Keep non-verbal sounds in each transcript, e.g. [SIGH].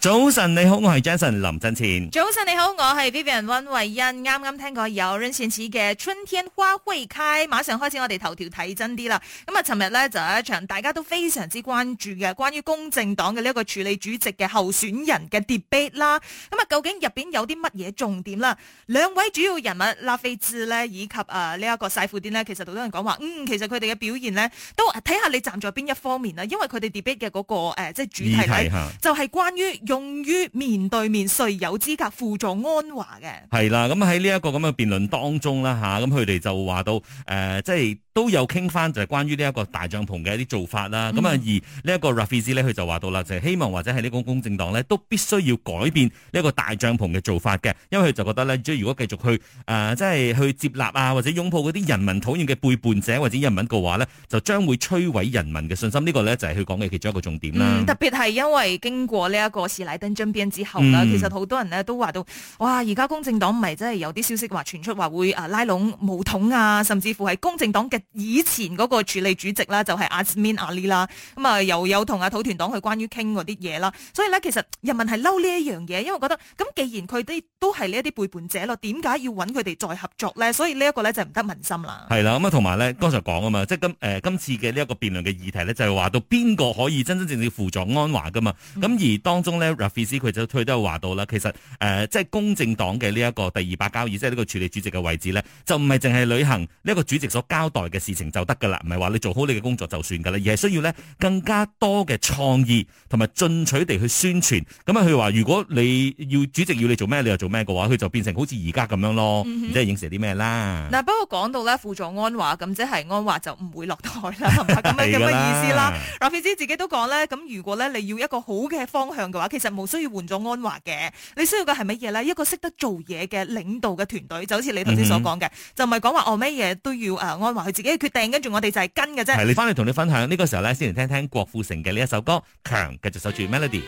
早晨，你好，我係 Jason 林振前。早晨，你好，我係 Vivian 溫慧欣。啱啱聽過有人善始嘅春天花會開，馬上開始我哋頭條睇真啲啦。咁、嗯、啊，尋日咧就有一場大家都非常之關注嘅關於公正黨嘅呢一個處理主席嘅候選人嘅 debate 啦。咁、嗯、啊，究竟入邊有啲乜嘢重點啦？兩位主要人物拉菲茲咧，以及啊呢一個晒富啲呢，其實好多人講話，嗯，其實佢哋嘅表現呢，都睇下你站在邊一方面啦。因為佢哋 debate 嘅嗰、那個誒、呃，即係主題係就係關於。用於面對面，誰有資格輔助安華嘅？係啦，咁喺呢一個咁嘅辯論當中啦，吓咁佢哋就話到，誒、呃，即係都有傾翻、嗯，就係關於呢一個大帳篷嘅一啲做法啦。咁啊，而呢一個拉菲茲咧，佢就話到啦，就係希望或者係呢個公正黨呢，都必須要改變呢一個大帳篷嘅做法嘅，因為佢就覺得咧、呃，即係如果繼續去誒，即係去接納啊，或者擁抱嗰啲人民討厭嘅背叛者或者人民嘅話呢，就將會摧毀人民嘅信心。呢、這個呢，就係佢講嘅其中一個重點啦、嗯。特別係因為經過呢、這、一個。賴登 Jumping 之後呢，其實好多人呢都話到，哇！而家公正黨唔係真係有啲消息話傳出話會啊拉攏巫統啊，甚至乎係公正黨嘅以前嗰個署理主席啦，就係 Azmin Ali 啦，咁啊又有同阿土團黨去關於傾嗰啲嘢啦。所以呢，其實人民係嬲呢一樣嘢，因為覺得咁既然佢哋都係呢一啲背叛者咯，點解要揾佢哋再合作呢？所以呢一個呢，就唔得民心啦。係啦，咁啊同埋呢，剛才講啊嘛，即係今誒、呃、今次嘅呢一個辯論嘅議題呢，就係話到邊個可以真真正正輔助安華噶嘛？咁、嗯、而當中呢。Rafizi，佢都有話到啦。其實誒，即係公正黨嘅呢一個第二把交椅，即係呢個處理主席嘅位置咧，就唔係淨係履行呢一個主席所交代嘅事情就得㗎啦。唔係話你做好你嘅工作就算㗎啦，而係需要咧更加多嘅創意同埋進取地去宣傳。咁啊，佢話如果你要主席要你做咩，你又做咩嘅話，佢就變成好似而家咁樣咯，即係影射啲咩啦。嗱，不過講到咧，輔助安華咁即係安華就唔會落台了 [LAUGHS] 啦，係咪咁樣嘅意思啦？Rafizi 自己都講咧，咁如果咧你要一個好嘅方向嘅話，其實冇需要換咗安華嘅，你需要嘅係乜嘢咧？一個識得做嘢嘅領導嘅團隊，就好似你頭先所講嘅，mm hmm. 就唔係講話哦咩嘢都要誒安華佢自己嘅決定，跟住我哋就係跟嘅啫。係，你翻嚟同你分享呢個時候咧，先嚟聽聽郭富城嘅呢一首歌《強》，繼續守住 Melody。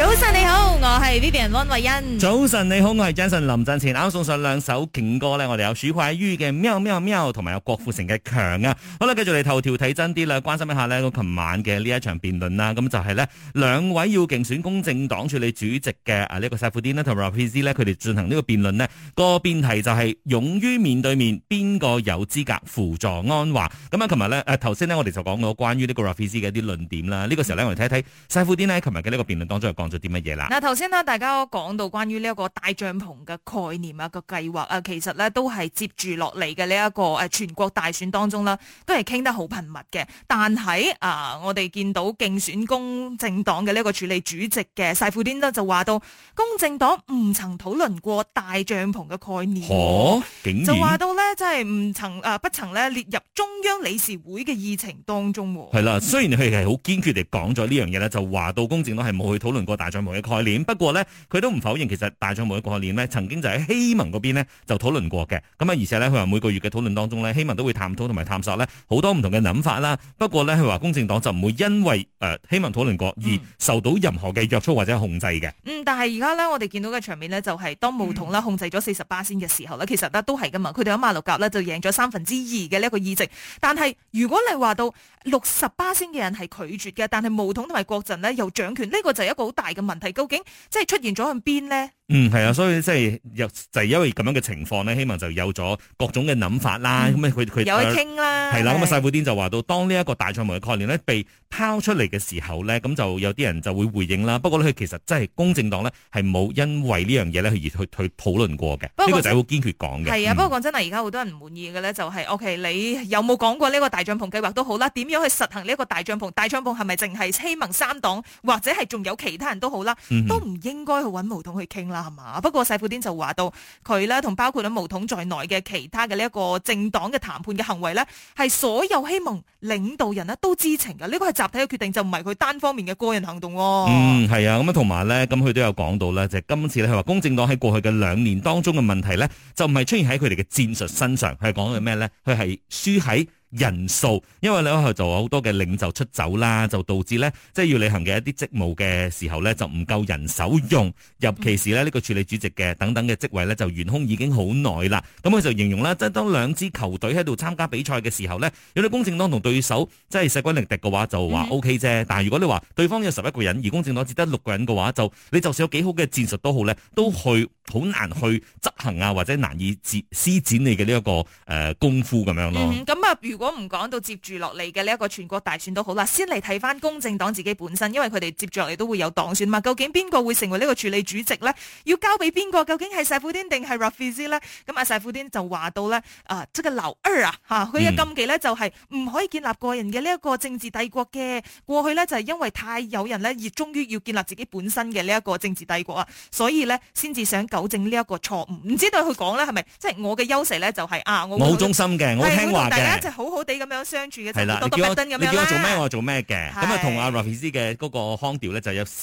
早晨你好，我係 Vivian 溫慧恩。早晨你好，我係 Jason 林振前。啱啱送上兩首勁歌咧，我哋有許慧怡嘅喵喵喵，同埋有郭富城嘅強啊。好啦，繼續嚟頭條睇真啲啦，關心一下呢個琴晚嘅呢一場辯論啦，咁就係呢兩位要競選公正黨署理主席嘅啊、這個、西呢，呢這個賽夫丁咧同 Rafizi 咧，佢哋進行呢個辯論呢個辯題就係、是、勇於面對面，邊個有資格輔助安華？咁啊，琴日呢誒頭先呢，我哋就講過關於呢個 Rafizi 嘅一啲論點啦，呢、這個時候呢，我哋睇睇賽夫丁呢，琴日嘅呢個辯論當中係講。做啲乜嘢啦？嗱，頭先大家講到關於呢一個大帳篷嘅概念啊，個計劃啊，其實咧都係接住落嚟嘅呢一個誒全國大選當中啦，都係傾得好頻密嘅。但係啊、呃，我哋見到競選公正黨嘅呢個署理主席嘅賽夫丁呢，就話到，公正黨唔曾討論過大帳篷嘅概念，哦、竟就話到咧，即係唔曾不曾咧列入中央理事會嘅議程當中。係啦了，嗯、雖然佢係好堅決地講咗呢樣嘢咧，就話到公正黨係冇去討論。個大帳篷嘅概念，不過呢，佢都唔否認，其實大帳篷嘅概念呢，曾經就喺希文嗰邊呢，就討論過嘅。咁啊，而且呢，佢話每個月嘅討論當中呢，希文都會探討同埋探索呢好多唔同嘅諗法啦。不過呢，佢話公正黨就唔會因為誒、呃、希文討論過而受到任何嘅約束或者控制嘅。嗯，但係而家呢，我哋見到嘅場面呢，就係當巫統啦控制咗四十八先嘅時候呢，嗯、其實呢都係噶嘛，佢哋喺馬六甲呢，就贏咗三分之二嘅一個議席。但係如果你話到六十八先嘅人係拒絕嘅，但係巫統同埋國陣呢，又掌權，呢、這個就係一個好。大嘅問題，究竟即係出現咗向邊咧？嗯，係啊，所以即係又就係因為咁樣嘅情況咧，希望就有咗各種嘅諗法啦。咁、嗯、啊，佢佢有去傾啦。係啦的，咁啊的，細布丁就話到，當呢一個大帳篷嘅概念咧被拋出嚟嘅時候咧，咁就有啲人就會回應啦。不過咧，佢其實真係公正黨咧係冇因為呢樣嘢咧而去討論過嘅。不呢過個就係好堅決講嘅。係啊的，嗯、不過講真啦，而家好多人唔滿意嘅咧、就是，就係 O K，你有冇講過呢個大帳篷計劃都好啦？點樣去實行呢一個大帳篷？大帳篷係咪淨係希望三黨或者係仲有其他人好、嗯、哼都好啦？都唔應該去揾巫統去傾啦。嗯、不過細富丁就話到佢咧，同包括咗巫統在內嘅其他嘅呢一個政黨嘅談判嘅行為咧，係所有希望領導人呢都知情嘅。呢個係集體嘅決定，就唔係佢單方面嘅個人行動、哦。嗯，係啊。咁啊，同埋咧，咁佢都有講到咧，就是、今次咧，佢話公正黨喺過去嘅兩年當中嘅問題咧，就唔係出現喺佢哋嘅戰術身上，係講嘅咩咧？佢係輸喺。人數，因為你喺度就好多嘅領袖出走啦，就導致呢，即係要履行嘅一啲職務嘅時候呢，就唔夠人手用，尤其是呢，呢、呢個處理主席嘅等等嘅職位呢，就懸空已經好耐啦。咁佢就形容啦，即係當兩支球隊喺度參加比賽嘅時候呢，如果你公正黨同對手即係勢均力敵嘅話就話 O K 啫，嗯、但係如果你話對方有十一個人而公正黨只得六個人嘅話，就你就算有幾好嘅戰術都好呢，都去好難去執行啊，或者難以施展你嘅呢一個誒、呃、功夫咁樣咯。咁、嗯、啊如果唔講到接住落嚟嘅呢一個全國大選都好啦，先嚟睇翻公正黨自己本身，因為佢哋接住落嚟都會有黨選嘛。究竟邊個會成為呢個處理主席咧？要交俾邊個？究竟係細富丁定係 Rafizi 咧？咁阿細富丁就話到咧，啊，即係劉二啊，佢嘅禁忌咧就係、是、唔可以建立個人嘅呢一個政治帝國嘅。過去咧就係、是、因為太有人咧，熱衷於要建立自己本身嘅呢一個政治帝國啊，所以咧先至想糾正呢一個錯誤。唔知道佢講咧係咪？即係、就是、我嘅優勢咧就係、是、啊，我好忠心嘅，我聽話大家就好。好地咁樣相處嘅，係啦的，多多你叫你叫我做咩，我做咩嘅。咁啊的，同阿拉菲茲嘅嗰個腔調咧，就有少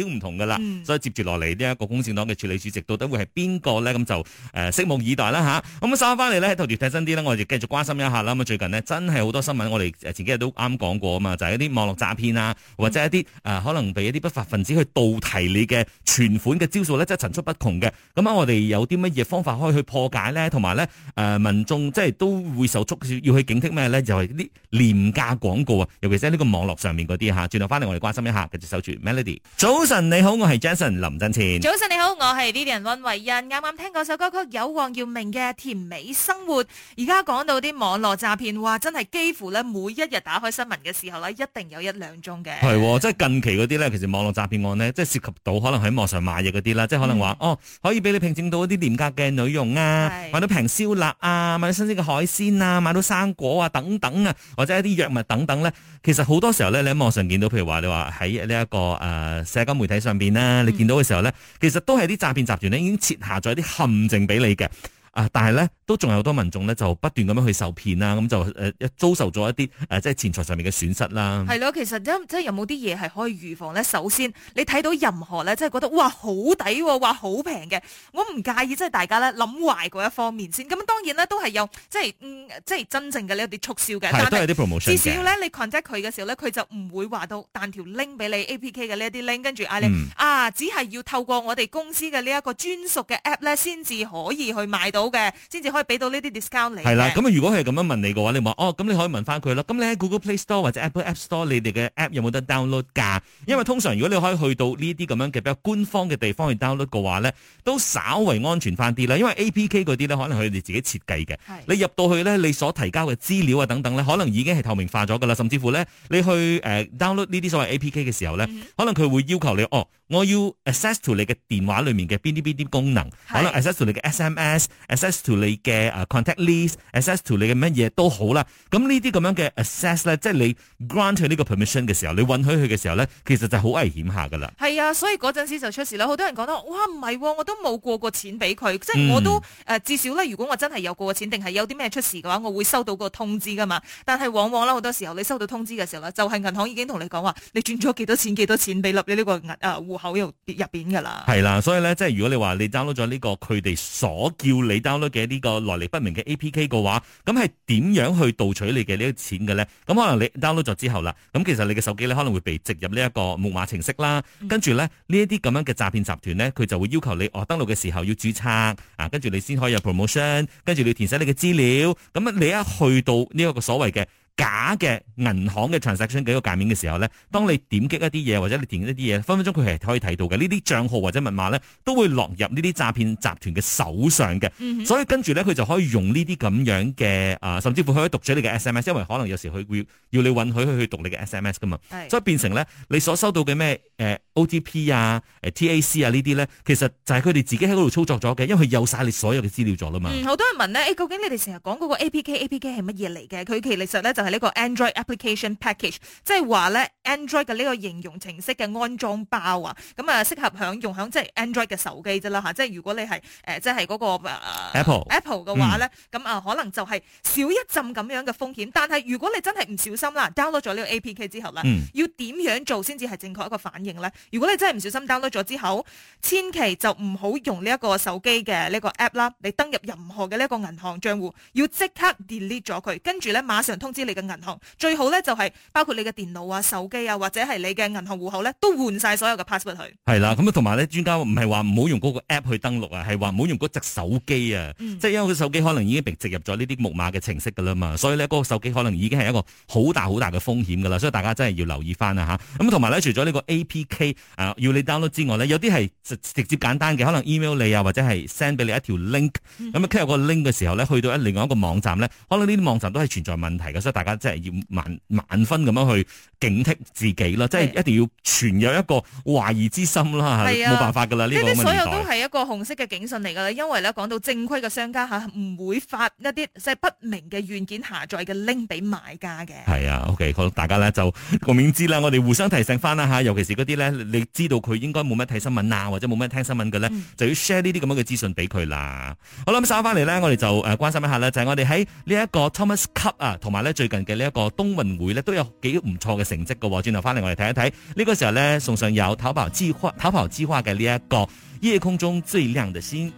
少唔同噶啦。嗯、所以接住落嚟呢一個公建黨嘅處理主席到底會係邊個咧？咁就誒、呃，拭目以待啦吓。咁啊，嗯、收翻嚟咧，頭條睇真啲啦，我哋繼續關心一下啦。咁、嗯、啊，最近呢，真係好多新聞，我哋前幾日都啱講過啊嘛，就係、是、一啲網絡詐騙啊，嗯、或者一啲誒、呃、可能被一啲不法分子去盜提你嘅存款嘅招數咧，即係層出不窮嘅。咁、嗯、啊，嗯、我哋有啲乜嘢方法可以去破解咧？同埋咧誒，民眾即係都會受促要去警咩咧？就係啲廉價廣告啊，尤其是喺呢個網絡上面嗰啲吓。轉頭翻嚟，我哋關心一下。繼續守住 Melody。早晨你好，我係 Jason 林振前。早晨你好，我係 Lillian 溫為欣。啱啱聽嗰首歌曲，有黃耀明嘅《甜美生活》。而家講到啲網絡詐騙，話真係幾乎咧，每一日打開新聞嘅時候咧，一定有一兩宗嘅。係、哦，即係近期嗰啲咧，其實網絡詐騙案咧，即係涉及到可能喺網上買嘢嗰啲啦，即係可能話、嗯、哦，可以俾你聘請到一啲廉價嘅女傭啊，是買到平燒臘啊，買到新鮮嘅海鮮啊，買到生果。啊，等等啊，或者一啲藥物等等咧，其實好多時候咧，你喺網上見到，譬如話你話喺呢一個誒社交媒體上邊咧，你見到嘅時候咧，其實都係啲詐騙集團咧，已經設下咗一啲陷阱俾你嘅。啊！但係咧，都仲有好多民眾咧，就不斷咁樣去受騙啦，咁就誒遭受咗一啲誒即係錢財上面嘅損失啦。係咯，其實即係有冇啲嘢係可以預防咧？首先，你睇到任何咧，即係覺得哇好抵喎，哇好平嘅，我唔介意，即係大家咧諗壞嗰一方面先。咁當然咧，都係有即係、嗯、即係真正嘅呢啲促銷嘅。係的，但是都係啲 promotion。至少咧，你 contact 佢嘅時候咧，佢就唔會話到彈條 link 俾你 APK 嘅呢啲 link，跟住嗌你、嗯、啊，只係要透過我哋公司嘅呢一個專屬嘅 app 咧，先至可以去買到。嘅，先至可以俾到呢啲 discount 你。係啦，咁啊，如果係咁樣問你嘅話，你話哦，咁你可以問翻佢啦。咁你喺 Google Play Store 或者 Apple App Store，你哋嘅 app 有冇得 download 㗎？因為通常如果你可以去到呢啲咁樣嘅比較官方嘅地方去 download 嘅話咧，都稍為安全翻啲啦。因為 APK 嗰啲咧，可能佢哋自己設計嘅。係。你入到去咧，你所提交嘅資料啊等等咧，可能已經係透明化咗㗎啦。甚至乎咧，你去誒 download 呢啲所謂 APK 嘅時候咧，可能佢會要求你哦。我要 access 到你嘅電話裏面嘅邊啲邊啲功能，係啦，access 到你嘅 SMS，access 到你嘅誒 contact list，access 到你嘅乜嘢都好啦。咁呢啲咁樣嘅 access 咧，即係你 grant 佢呢個 permission 嘅時候，你允許佢嘅時候咧，其實就好危險下噶啦。係啊，所以嗰陣時就出事啦。好多人講得，哇唔係、啊，我都冇過過錢俾佢，即係我都誒、嗯呃、至少咧，如果我真係有過過錢，定係有啲咩出事嘅話，我會收到個通知噶嘛。但係往往啦好多時候你收到通知嘅時候咧，就係、是、銀行已經同你講話，你轉咗幾多錢，幾多錢俾你呢個啊口又跌入邊噶啦，係啦，所以咧，即係如果你話你 download 咗呢個佢哋所叫你 download 嘅呢個來歷不明嘅 APK 嘅話，咁係點樣去盜取你嘅呢啲錢嘅咧？咁可能你 download 咗之後啦，咁其實你嘅手機咧可能會被植入呢一個木馬程式啦，跟住咧呢一啲咁樣嘅詐騙集團咧，佢就會要求你哦登錄嘅時候要註冊啊，跟住你先可以入 promotion，跟住你填寫你嘅資料，咁啊你一去到呢一個所謂嘅。假嘅銀行嘅 transaction 嘅一個界面嘅時候咧，當你點擊一啲嘢或者你點擊一啲嘢，分分鐘佢係可以睇到嘅。呢啲賬號或者密碼咧，都會落入呢啲詐騙集團嘅手上嘅。嗯、哼所以跟住咧，佢就可以用呢啲咁樣嘅啊、呃，甚至乎可以讀取你嘅 sms，因為可能有時佢會要，要你允許佢去讀你嘅 sms 噶嘛。的所以變成咧，你所收到嘅咩誒？呃 OTP 啊，TAC 啊這些呢啲咧，其實就係佢哋自己喺嗰度操作咗嘅，因為佢有晒你所有嘅資料咗啦嘛。嗯，好多人問咧、欸，究竟你哋成日講嗰個 APK，APK 係乜嘢嚟嘅？佢其實咧就係呢個 Android Application Package，即係話咧。Android 嘅呢個應用程式嘅安裝包啊，咁啊適合響用響即係 Android 嘅手機啫啦吓，即係如果你係誒即係嗰個、呃、Apple Apple 嘅話咧，咁、嗯、啊可能就係少一浸咁樣嘅風險。嗯、但係如果你真係唔小心啦，download 咗呢個 APK 之後咧，嗯、要點樣做先至係正確一個反應咧？如果你真係唔小心 download 咗之後，千祈就唔好用呢一個手機嘅呢個 app 啦。你登入任何嘅呢一個銀行帳戶，要即刻 delete 咗佢，跟住咧馬上通知你嘅銀行。最好咧就係包括你嘅電腦啊、手機。啊，或者係你嘅銀行戶口咧，都換晒所有嘅 password 去。係啦，咁啊，同埋咧，專家唔係話唔好用嗰個 app 去登錄啊，係話唔好用嗰隻手機啊，即係因為佢手機可能已經被植入咗呢啲木馬嘅程式噶啦嘛，所以呢嗰個手機可能已經係一個好大好大嘅風險噶啦，所以大家真係要留意翻啊吓。咁同埋咧，除咗呢個 APK 啊要你 download 之外呢，有啲係直接簡單嘅，可能 email 你啊，或者係 send 俾你一條 link，咁啊有個 link 嘅時候呢，去到一另外一個網站呢，可能呢啲網站都係存在問題嘅，所以大家真係要萬萬分咁樣去警惕。自己啦，即係一定要存有一個懷疑之心啦，係冇、啊、辦法噶啦。呢啲所有都係一個紅色嘅警訊嚟噶啦，因為咧講到正規嘅商家吓，唔會發一啲即係不明嘅軟件下載嘅 link 俾買家嘅。係啊，OK，好，大家咧就共勉之啦。我哋互相提醒翻啦吓，尤其是嗰啲咧，你知道佢應該冇乜睇新聞啊，或者冇乜聽新聞嘅咧，就要 share 呢啲咁樣嘅資訊俾佢啦。嗯、好啦，咁收翻嚟咧，我哋就誒、呃、關心一下啦就係、是、我哋喺呢一個 Thomas Cup 啊，同埋咧最近嘅呢一個東運會咧都有幾唔錯嘅成績噶。我轉頭翻嚟，我哋睇一睇呢個時候咧，送上有《逃跑計劃》 [MUSIC] 《逃跑計劃》嘅呢一個夜空中最亮的星。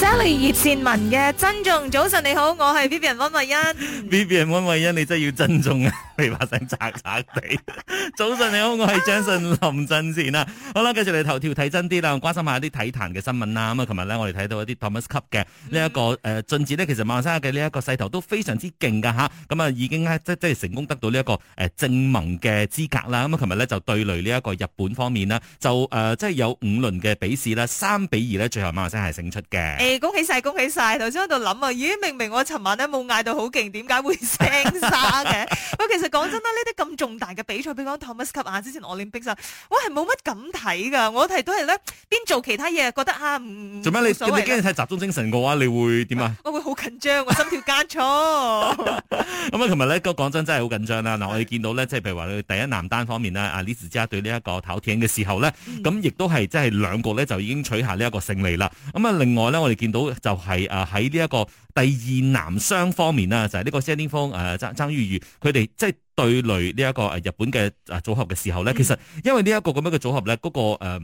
s a l l 葉倩文嘅尊重，早晨你好，我係 B B 人溫慧欣。i a n 溫慧欣，你真係要尊重啊！你把聲渣渣地。 [LAUGHS] 早晨你好，我係張信林振善啊。好啦，繼續嚟頭條睇真啲啦，關心一下啲體壇嘅新聞啦。咁啊，琴日咧我哋睇到一啲 Thomas Cup 嘅呢一個誒，近日咧其實馬來西嘅呢一個勢頭都非常之勁噶吓。咁啊，已經係即係即係成功得到呢一個誒正盟嘅資格啦。咁啊，琴日咧就對壘呢一個日本方面咧，就誒即係有五輪嘅比試咧，三比二咧，最後馬來西亞係勝出嘅。恭喜晒，恭喜晒！頭先喺度諗啊，咦？明明我尋晚咧冇嗌到好勁，點解會聲沙嘅？喂， [LAUGHS] 其實講真啦，呢啲咁重大嘅比賽，譬如講 Thomas Cup 之前我練兵實，我係冇乜敢睇㗎。我係都係咧邊做其他嘢，覺得啊，唔做咩？你驚唔驚？你睇集中精神嘅話，你會點啊？我會好緊張，我心跳加速。咁啊，尋日咧，講講真真係好緊張啦！嗱， [LAUGHS] 我哋見到咧，即係譬如話，佢第一男單方面咧，阿 Liz 家對呢一個跑艇嘅時候咧，咁亦都係即係兩局咧就已經取下呢一個勝利啦。咁啊，另外咧，我哋。見到就係啊喺呢一個第二男雙方面啦，就係、是、呢個謝丁鋒，誒曾曾於如佢哋即係對壘呢一個誒日本嘅組合嘅時候咧，嗯、其實因為呢一個咁樣嘅組合咧，嗰、那個、呃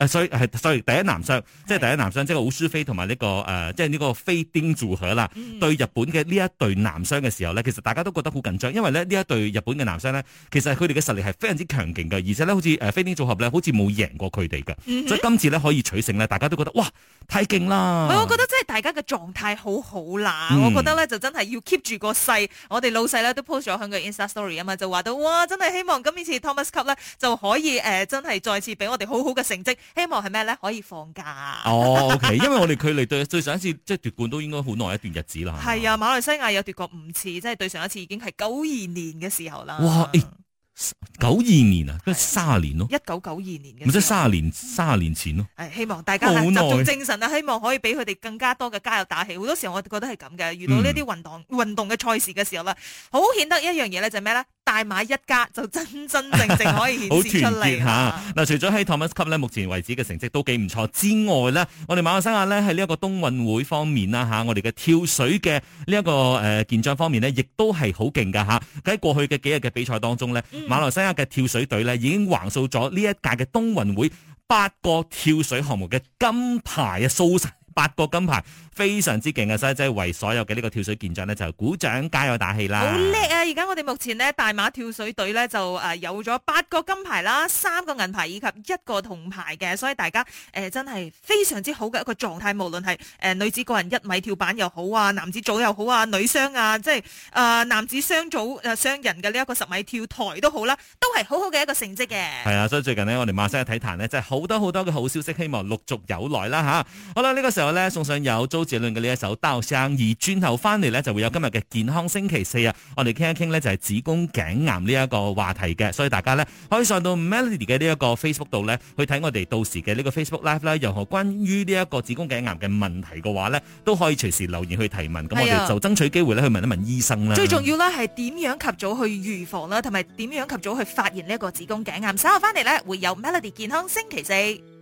誒、啊、所以所以第一男雙即係第一男雙的即係好舒飛同埋呢個、呃、即係呢個飛丁組合啦。嗯、對日本嘅呢一對男雙嘅時候咧，其實大家都覺得好緊張，因為呢呢一對日本嘅男雙咧，其實佢哋嘅實力係非常之強勁嘅，而且呢，好似誒、呃、飛丁組合咧，好似冇贏過佢哋嘅。所以今次咧可以取勝咧，大家都覺得哇太勁啦！我覺得真係大家嘅狀態好好啦，嗯、我覺得咧就真係要 keep 住個勢。我哋老細咧都 post 咗佢嘅 Instagram story 啊嘛，就話到哇，真係希望今次 Thomas Cup 咧就可以誒、呃、真係再次俾我哋好好嘅成績。希望係咩咧？可以放假哦。 [LAUGHS] o、oh, K、okay. 因為我哋距離對對上一次即係、就是、奪冠都應該好耐一段日子啦。係 [LAUGHS] 啊，馬來西亞有奪過五次，即、就、係、是、對上一次已經係九二年嘅時候啦。哇！九、欸、二年啊，即係三十年咯。一九九二年嘅。唔即係三十年，三啊、嗯、年前咯。係、哎，希望大家久集中精神啊！希望可以俾佢哋更加多嘅加油打氣。好多時候我覺得係咁嘅，遇到呢啲運動、嗯、運動嘅賽事嘅時候啦，好，好顯得一樣嘢咧，就係咩咧？大馬一家就真真正正可以顯示出嚟吓，嗱、 [LAUGHS] 啊，除咗喺托馬斯盃呢，目前為止嘅成績都幾唔錯之外咧，我哋馬來西亞咧喺呢一個東運會方面啦吓，我哋嘅跳水嘅呢一個誒健將方面呢，亦都係好勁噶吓。喺過去嘅幾日嘅比賽當中呢，嗯、馬來西亞嘅跳水隊呢，已經橫掃咗呢一屆嘅東運會八個跳水項目嘅金牌嘅蘇八個金牌非常之勁嘅，所以即係為所有嘅呢個跳水健將呢，就是、鼓掌加油打氣啦！好叻啊！而家我哋目前呢，大馬跳水隊呢，就誒有咗八個金牌啦，三個銀牌以及一個銅牌嘅，所以大家誒、呃、真係非常之好嘅一個狀態，無論係誒女子個人一米跳板又好啊，男子組又好啊，女雙啊，即係誒、呃、男子雙組誒雙人嘅呢一個十米跳台都好啦，都係好好嘅一個成績嘅。係啊，所以最近呢，我哋馬新嘅體壇呢，就係好多好多嘅好消息，希望陸續有來啦吓。好啦，呢、這個時候。送上有周杰倫嘅呢一首《刀生》，而轉頭翻嚟呢就會有今日嘅健康星期四啊！我哋傾一傾呢就係子宮頸癌呢一個話題嘅，所以大家呢可以上到 Melody 嘅呢一個 Facebook 度呢去睇我哋到時嘅呢個 Facebook Live 啦。任何關於呢一個子宮頸癌嘅問題嘅話呢，都可以隨時留言去提問。咁我哋就爭取機會去問一問醫生啦。最重要呢係點樣及早去預防啦，同埋點樣及早去發現呢一個子宮頸癌。稍後翻嚟呢，會有 Melody 健康星期四。